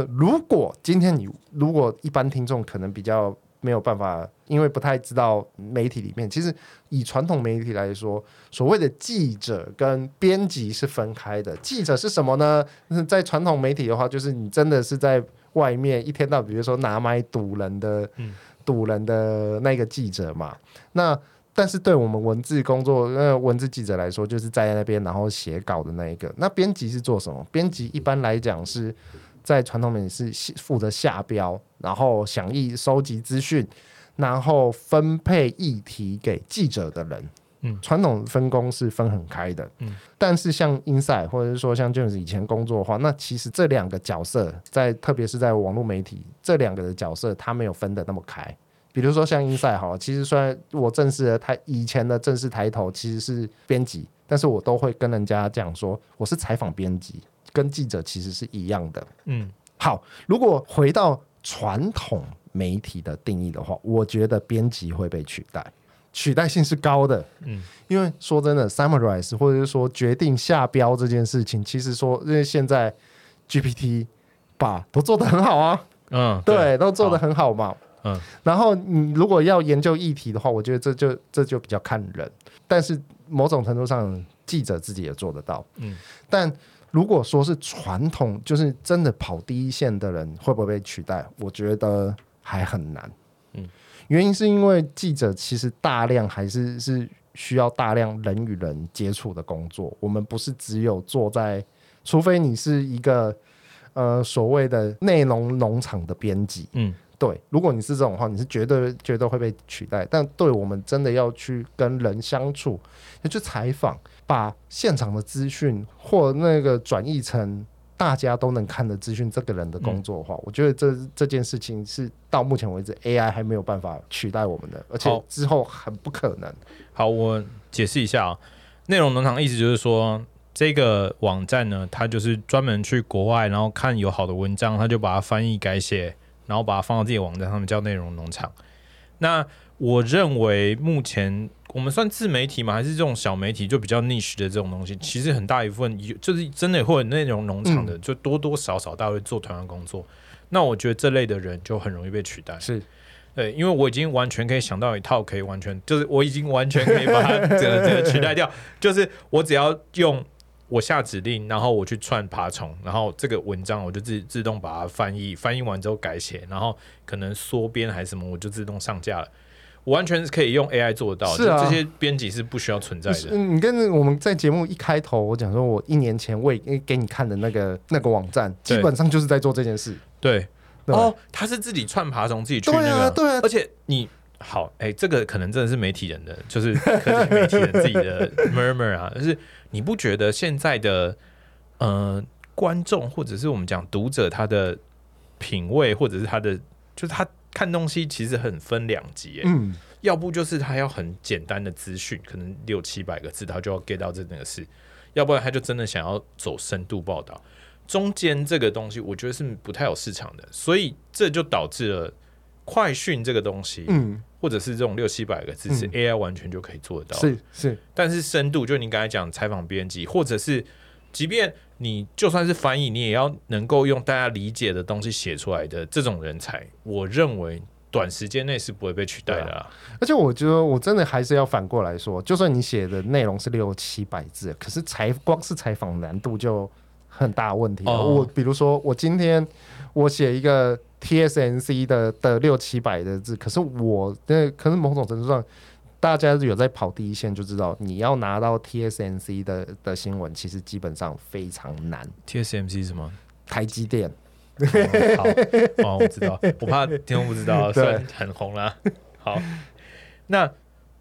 呃，如果今天你如果一般聽眾可能比較。沒有辦法，因為不太知道媒體裡面。其實以傳統媒體來說，所謂的記者跟編輯是分開的。記者是什麼呢？在傳統媒體的話，就是你真的是在外面一天到，比如說拿麥堵人的，堵人的、嗯、堵人的那個記者嘛。那但是對我們文字工作，呃、那個，文字記者來說，就是在那邊然後寫稿的那一個。那編輯是做什麼？編輯一般來講是。在傳統媒體是負責下標，然後響應收集資訊，然後分配議題給記者的人。嗯，傳統分工是分很開的。嗯，但是像 INSIDE 或者是說像 James 以前工作的話，那其實這兩個角色在，特別是在網絡媒體，這兩個的角色他沒有分得那麼開。比如說像 INSIDE 哈，其實雖然我正式的他以前的正式抬頭其實是編輯，但是我都會跟人家講說我是採訪編輯。跟記者其實是一樣的，嗯，好。如果回到傳統媒體的定義的話，我覺得編輯會被取代，取代性是高的，嗯，因為說真的，summarize 或者是說決定下標這件事情，其實說因為現在 GPT 吧都做得很好啊，嗯，對，對都做得很好嘛，嗯。然後你如果要研究議題的話，我覺得這就這就比較看人，但是某種程度上記者自己也做得到，嗯，但。如果說是傳統，就是真的跑第一線的人會不會被取代？我覺得還很難。嗯，原因是因為記者其實大量還是是需要大量人與人接觸的工作。我們不是只有坐在，除非你是一個呃所謂的內容農場的編輯。嗯。對，如果你是這種的話，你是絕對絕對會被取代。但對我們真的要去跟人相處，要去採訪，把現場的資訊或那個轉譯成大家都能看的資訊，這個人的工作的話，嗯、我覺得這這件事情是到目前為止 AI 還沒有辦法取代我們的，而且之後很不可能。好，好，我解釋一下、喔，內容農場的意思就是說，這個網站呢，它就是專門去國外，然後看有好的文章，它就把它翻譯改寫。然後把它放到自己的網站上面，叫內容農場。那我認為目前我們算自媒體嘛，還是這種小媒體，就比較 niche 的這種東西，其實很大一部分，就是真的會有內容農場的，就多多少少都會做同樣工作。嗯、那我覺得這類的人就很容易被取代，是，對，因為我已經完全可以想到一套可以完全，就是我已經完全可以把它這個這個取代掉， 就是我只要用。我下指令，然後我去串爬蟲，然後這個文章我就自自動把它翻譯，翻譯完之後改寫，然後可能縮編還是什麼，我就自動上架了。我完全是可以用 AI 做得到的。是啊，這些編輯是不需要存在的。你跟我們在節目一開頭，我講說我一年前為給你看的那個那個網站，基本上就是在做這件事。對，對對哦，他是自己串爬蟲，自己去、那個、對啊，對啊，而且你。好，誒、欸，這個可能真的是媒體人的，就是媒體人自己的 murmur 啊， 就是你不覺得現在的呃觀眾或者是我們講讀者他的品味或者是他的，就是他看東西其實很分兩極，誒、嗯。要不就是他要很簡單的資訊，可能六七百個字他就要 get 到這整個事，要不然他就真的想要走深度報道，中間這個東西我覺得是不太有市場的，所以這就導致了。快訊這個東西，嗯、或者是這種六七百個字，是、嗯、AI 完全就可以做到。是是，是但是深度，就你剛才講採訪編輯，或者是即便你就算是翻譯，你也要能夠用大家理解的東西寫出來的這種人才，我認為短時間內是不會被取代的、啊。而且我覺得我真的還是要反過來說，就算你寫的內容是六七百字，可是採光是採訪難度就很大問題。哦、我比如說，我今天。我寫一個 TSMC 的的六七百的字，可是我的，可是某種程度上，大家有在跑第一線就知道，你要拿到 TSMC 的的新聞，其實基本上非常難。TSMC 什麼台積電、嗯好。哦，我知道，我怕聽眾不知道，算 很紅了。對好，那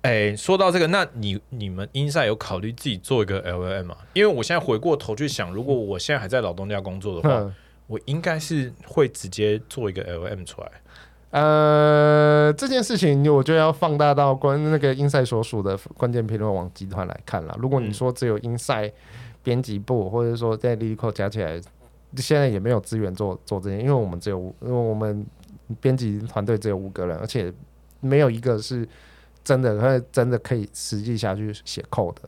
哎、欸，說到這個，那你你們 INSIDE 有考慮自己做一個 LLM 嗎？因為我現在回過頭去想，如果我現在還在老東家工作的話。嗯我應該是會直接做一個 LLM 出來，呃，這件事情我就要放大到關那個 INSIDE 所屬的關鍵評論網集團來看了。如果你說只有 INSIDE 編輯部，嗯、或者說在 Lico 加起來，現在也沒有資源做做這些，因為我們只有因為我們編輯團隊只有五個人，而且沒有一個是真的，真的可以實際下去寫 code 的。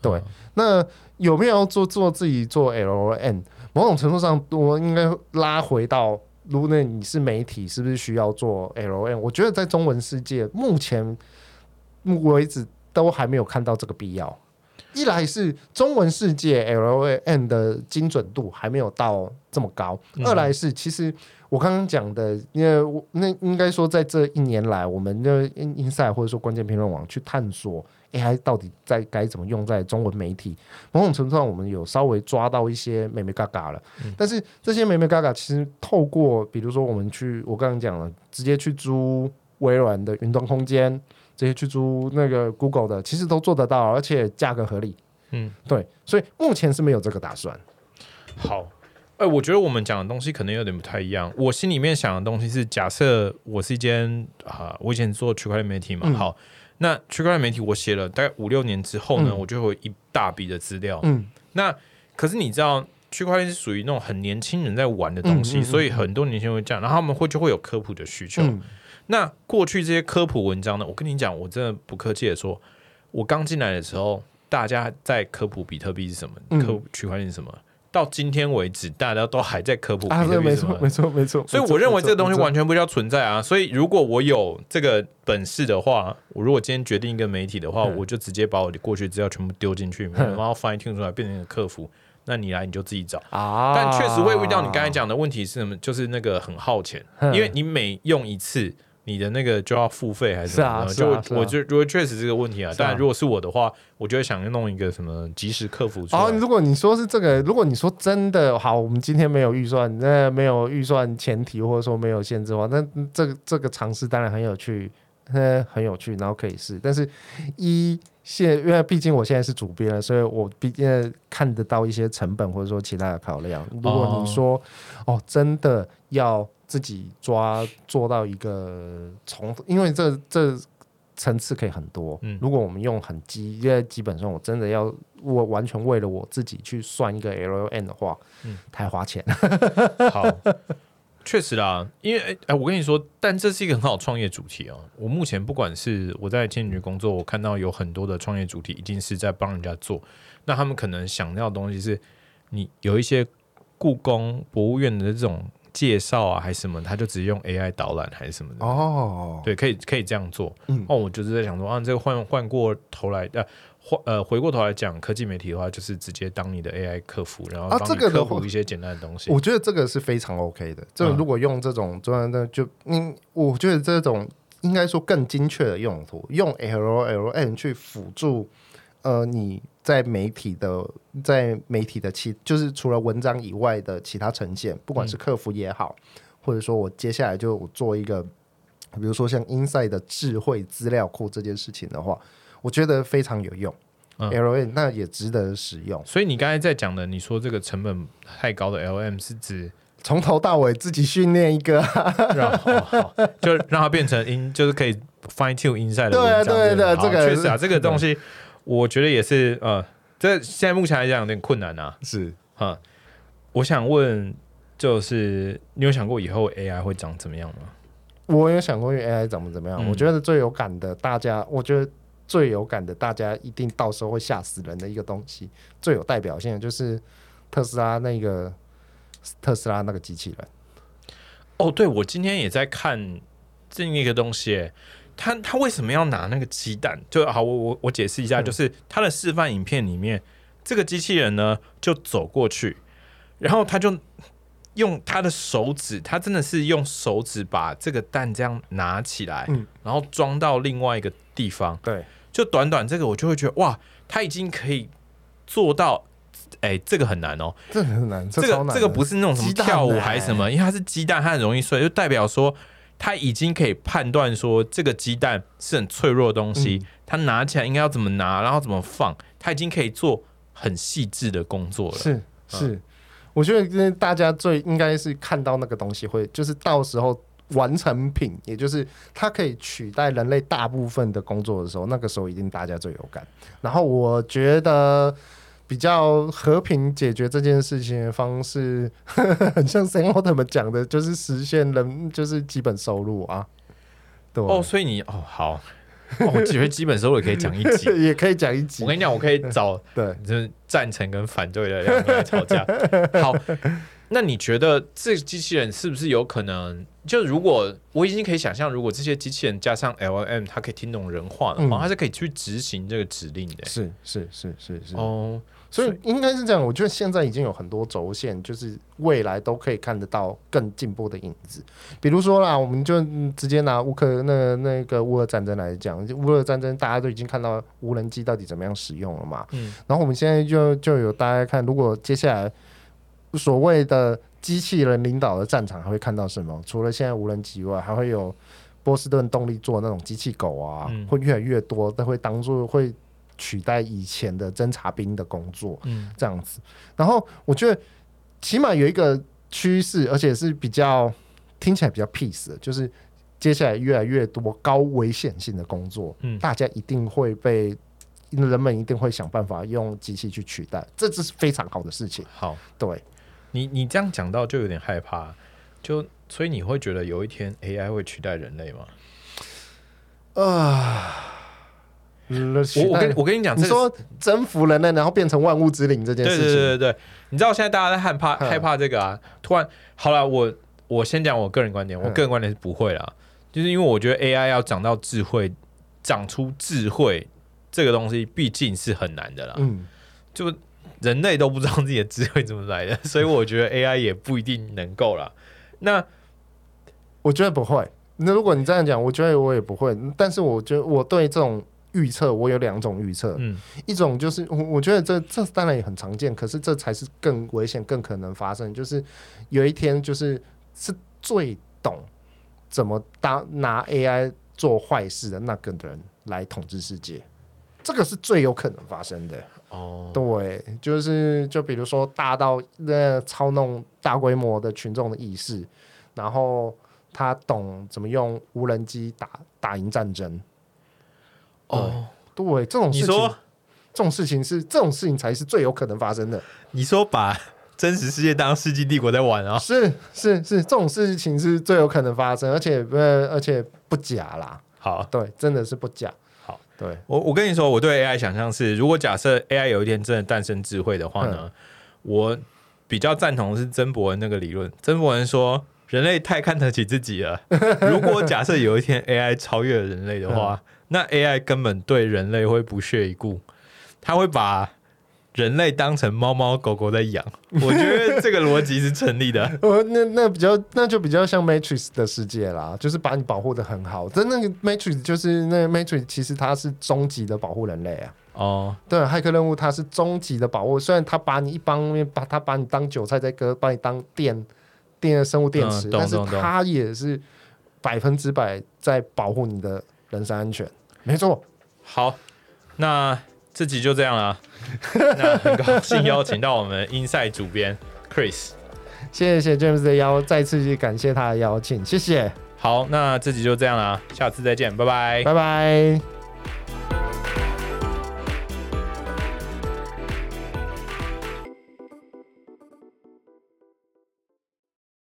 對，嗯、那有沒有做做自己做 LLM？某種程度上，我應該拉回到，如果你是媒體，是不是需要做 LLM？我覺得在中文世界目前目前為止都還沒有看到這個必要。一來是中文世界 LLM 的精準度還沒有到這麼高；二來是其實我剛剛講的，因為那應該說在這一年來，我們的 INSIDE 或者說關鍵評論網去探索。欸、還到底在該怎麼用在中文媒體？某種程度上，我們有稍微抓到一些眉眉角角了。嗯、但是這些眉眉角角其實透過，比如說我們去，我剛剛講了，直接去租微軟的雲端空間，直接去租那個 Google 的，其實都做得到，而且價格合理。嗯，對，所以目前是沒有這個打算。好，哎、欸，我覺得我們講的東西可能有點不太一樣。我心裡面想的東西是，假設我是一間啊，我以前做區塊鏈媒體嘛，嗯、好。那區塊鏈媒體我寫了大概五六年之後呢，嗯、我就會有一大筆的資料。嗯，那可是你知道，區塊鏈是屬於那種很年輕人在玩的東西，嗯嗯嗯，所以很多年輕人會這樣，然後他們會就會有科普的需求。嗯、那過去這些科普文章呢，我跟你講，我真的不客氣的說，我剛進來的時候，大家在科普比特幣是什麼，科普區塊鏈是什麼。嗯到今天為止，大家都還在科普的。啊，沒錯，沒錯，沒錯。所以我認為錯這個東西完全不需要存在啊。錯所以如果我有這個本事的話，錯我如果今天決定一個媒體的話，哼我就直接把我的過去資料全部丟進去，哼然後 fine-tuning 出來變成一個客服，那你來你就自己找啊。但確實會遇到你剛才講的問題是什麼？就是那個很耗錢，哼因為你每用一次。你的那個就要付費還是什麼是，啊？就我，是，啊是啊，我就如果確實這個問題啊，啊但如果是我的話，我就會想弄一個什麼即時客服。哦，如果你說是這個，如果你說真的好，我們今天沒有預算，那，呃、沒有預算前提，或者說沒有限制的話，那這個這個嘗試當然很有趣，呃，很有趣，然後可以試。但是一，一現因為畢竟我現在是主編了，所以我畢竟看得到一些成本或者說其他的考量。如果你說哦，哦，真的要。自己抓做到一個從，因為這這層次可以很多。嗯，如果我們用很基，因為基本上我真的要我完全為了我自己去算一個 LLM 的話，嗯，太花錢。好，確 實啦，因為哎、欸，我跟你說，但這是一個很好創業主題哦、喔。我目前不管是我在青年局工作，我看到有很多的創業主題，一定是在幫人家做。那他們可能想要的東西是，你有一些故宮博物院的這種。介紹啊，還是什麼，他就直接用 AI 導覽還是什麼的哦，對，可以可以這樣做。嗯，哦，我就是在想說，啊，這個換換過頭來，呃、啊，換呃，回過頭來講，科技媒體的話，就是直接當你的 AI 客服，然後啊，客服一些簡單的東西，啊這個我，我覺得這個是非常 OK 的。這個如果用這種專業的就你，嗯、我覺得這種應該說更精確的用途，用 LLM 去輔助。呃，你在媒體的在媒體的其就是除了文章以外的其他呈現，不管是客服也好，嗯、或者說我接下來就我做一個，比如說像 Inside 的智慧資料庫這件事情的話，我覺得非常有用、嗯、，LLM 那也值得使用。所以你剛才在講的，你說這個成本太高的 LLM 是指從頭到尾自己訓練一個、啊，然、哦、後 就讓它變成 in 就是可以 Fine Tune Inside 的對、啊，對對對，好這個確實啊，這個東西。嗯我覺得也是，呃，這現在目前來講有點困難吶、啊。是啊、嗯，我想問，就是你有想過以後 AI 會長怎麼樣嗎？我有想過 AI 怎麼怎麼樣。嗯、我覺得最有感的，大家，我覺得最有感的，大家一定到時候會嚇死人的一個東西，最有代表性的就是特斯拉那個特斯拉那個機器人。哦，對，我今天也在看另一個東西。他他為什麼要拿那個雞蛋？就好，我我我解釋一下，就是他的示範影片裡面，這個機器人呢，就走過去，然後他就用他的手指，他真的是用手指把這個蛋這樣拿起來，嗯，然後裝到另外一個地方。對，就短短這個，我就會覺得哇，他已經可以做到，哎，這個很難哦，這很難，這個這個不是那種什麼跳舞還是什麼，欸，因為它是雞蛋，它很容易碎，就代表說。他已經可以判斷說這個雞蛋是很脆弱的東西，嗯、他拿起來應該要怎麼拿，然後怎麼放，他已經可以做很細緻的工作了。是是，是。嗯、我覺得大家最應該是看到那個東西，會就是到時候完成品，也就是它可以取代人類大部分的工作的時候，那個時候一定大家最有感。然後我覺得。比較和平解決這件事情的方式，呵呵很像 Sam Altman 講的，就是實現人就是基本收入啊。對哦，所以你哦好，哦我覺得基本收入也可以講一集， 也可以講一集。我跟你講，我可以找對就是贊成跟反對的兩個人吵架。 好，那你覺得這機器人是不是有可能？就如果我已經可以想象，如果這些機器人加上 L M，它可以聽懂人話的話，它、嗯、是可以去執行這個指令的、欸是。是是是是是哦。所以應該是這樣，我覺得現在已經有很多軸線，就是未來都可以看得到更進步的影子。比如說啦，我們就直接拿烏克那個、那個烏俄戰爭來講，就烏俄戰爭大家都已經看到無人機到底怎麼樣使用了嘛。嗯。然後我們現在就就有大家看，如果接下來所謂的機器人領導的戰場還會看到什麼？除了現在無人機外，還會有波士頓動力做那種機器狗啊，嗯、會越來越多，但會當做會。取代以前的偵察兵的工作，嗯，這樣子。然後我覺得，起碼有一個趨勢，而且是比較聽起來比較 peace 的，就是接下來越來越多高危險性的工作，嗯，大家一定會被人們一定會想辦法用機器去取代，這是非常好的事情。好，對。你，你這樣講到就有點害怕，就所以你會覺得有一天 AI 會取代人類嗎？啊、呃。我我跟我跟你講，你說征服人類，然後變成萬物之靈這件事。對對對對，你知道現在大家在害怕呵害怕這個啊？突然，好了，我我先講我個人觀點，我個人觀點是不會了，呵就是因為我覺得 AI 要長到智慧，長出智慧這個東西畢竟是很難的了。嗯，就人類都不知道自己的智慧怎麼來的，所以我覺得 AI 也不一定能夠了。 那我覺得不會。那如果你這樣講，我覺得我也不會。但是，我覺得我對這種。預測我有兩種預測，嗯、一種就是我我覺得這這當然也很常見，可是這才是更危險、更可能發生，就是有一天就是是最懂怎麼搭拿 AI 做壞事的那個人來統治世界，這個是最有可能發生的。哦，對，就是就比如說大到呃操弄大規模的群眾的意識，然後他懂怎麼用無人機打打贏戰爭。哦對，對，這種事情，你說這種事情是這種事情才是最有可能發生的。你說把真實世界當世紀帝國在玩啊是？是是是，這種事情是最有可能發生，而且不而且不假啦。好，對，真的是不假。好，對我我跟你說，我對 AI 想象是，如果假設 AI 有一天真的誕生智慧的話呢，嗯、我比較贊同的是曾博恩那個理論。曾博恩說，人類太看得起自己了。如果假設有一天 AI 超越了人類的話。嗯那 AI 根本對人類會不屑一顧，他會把人類當成貓貓狗狗在養。我覺得這個邏輯是成立的。 哦，那那比較那就比較像 Matrix 的世界啦，就是把你保護的很好。但那個 Matrix 就是那個、Matrix 其實它是終極的保護人類啊。哦，對，駭客任務它是終極的保護，雖然它把你一幫把，它把你當韭菜在割，把你當電電的生物電池，嗯、但是它也是百分之百在保護你的。人身安全，沒錯。好，那這集就這樣了。 那很高興邀請到我們 INSIDE 主編 Chris，謝謝 James 的邀，再次去感謝他的邀請，謝謝。好，那這集就這樣了，下次再見，拜拜，拜拜。